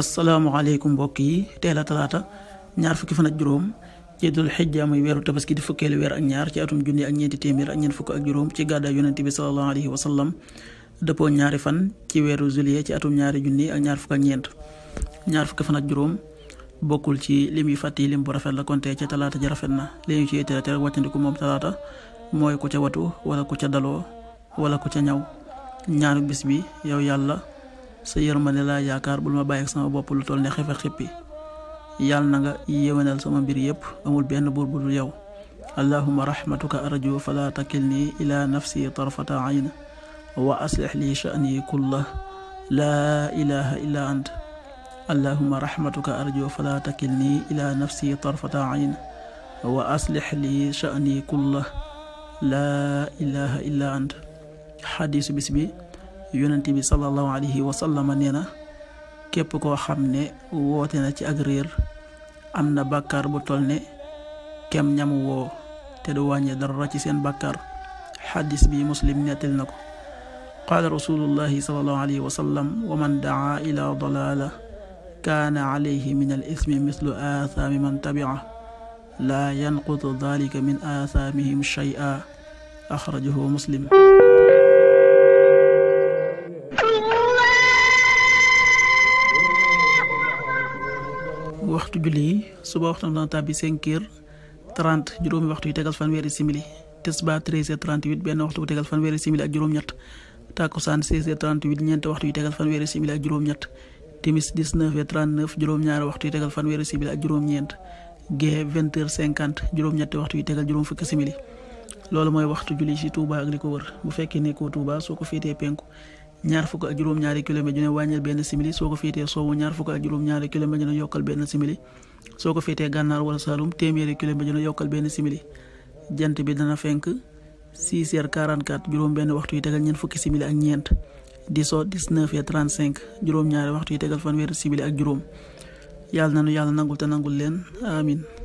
asalaamaaleykum mbokk yi teel a talaata ñaar fukki fan ak juróom ci dul xijja muy weeru tabaski di fukkeelu weer ak ñaar ci atum junni ak ñeenti téeméer ak ñeent fukk ak juróom ci gàddaay yonente bi salallahu alayhi wa ñaari fan ci weeru juillet ci atum ñaari junni ak ñaar fukk ak ñeent ñaar fukki fan ak juróom bokkul ci lim yu fàtt yi lim bu rafet la konte ca talaata ji rafet na li ci teel a wàccandiku moom talaata mooy ku ca watu wala ku ca dalo wala ku ca ñaw ñaanu bis yow yàlla sa yërmande laa yaakaar ma bàyyi ak sama bopp lu toll ne xefe xippi yàlla na nga yéwénal sama mbir yépp amul benn buur bu dul yow allahuma arju fala takilni ila nafsi tarfata ayna wa aslix li sha'ni kullah laa ilaha illa ant allahuma rahmatuka arju fala takilni ila nafsi tarfata ayna wa aslix li sha'ni kullah laa ilaha illa ant xadiisu bis yonent bi sallallahu alayhi wa sallam nee na képp koo xam ne woote na ci ak réer am na bàkkaar bu toll ne kem ñam woo te du wàññi dara ci seen bàkkaar xadis bi muslim nettal na ko rasulullahi sallallahu alayhi wa sallam wa man dalaala kaana alayhi min al ismi mislu aathaami man tabica min aathaamihim shay'a axrajahu muslim waxtu julli yi suba waxtu dana tàbbi cinq heures trente juróomi waxtu yu tegal fanweeri simili tisbaar treize heures trente huit benn waxtu bu tegal fanweeri simili ak juróom-ñett takkusaan seize heures trente huit ñeenti waxtu yu tegal fanweeri simili ak juróom-ñett timis dix neuf heures juróom-ñaari waxtu yu tegal fanweeri simili ak juróom-ñeent gee vingt heures cinquante juróom-ñetti waxtu yu tegal juróom-fukki simili loolu mooy waxtu julli ci Touba ak li ko wër bu fekkee nekkoo Touba soo ko féetee penku. ñaar fukk ak juróom-ñaari kilomètre dina wàññil benn simili soo ko féetee soowu ñaar fukk ak juróom-ñaari kilomètre dina yokkal benn simili soo ko féetee gànnaar wala saalum téeméeri kilomètre yokkal benn simili jant bi dana fenk 6 heures 44 juróom-benn waxtu yi tegal ñeent fukki simili ak ñeent di so 19 heures 35 juróom-ñaari waxtu yi tegal fanweeri simili ak juróom yàlla na nu yàlla nangul te nangul leen amin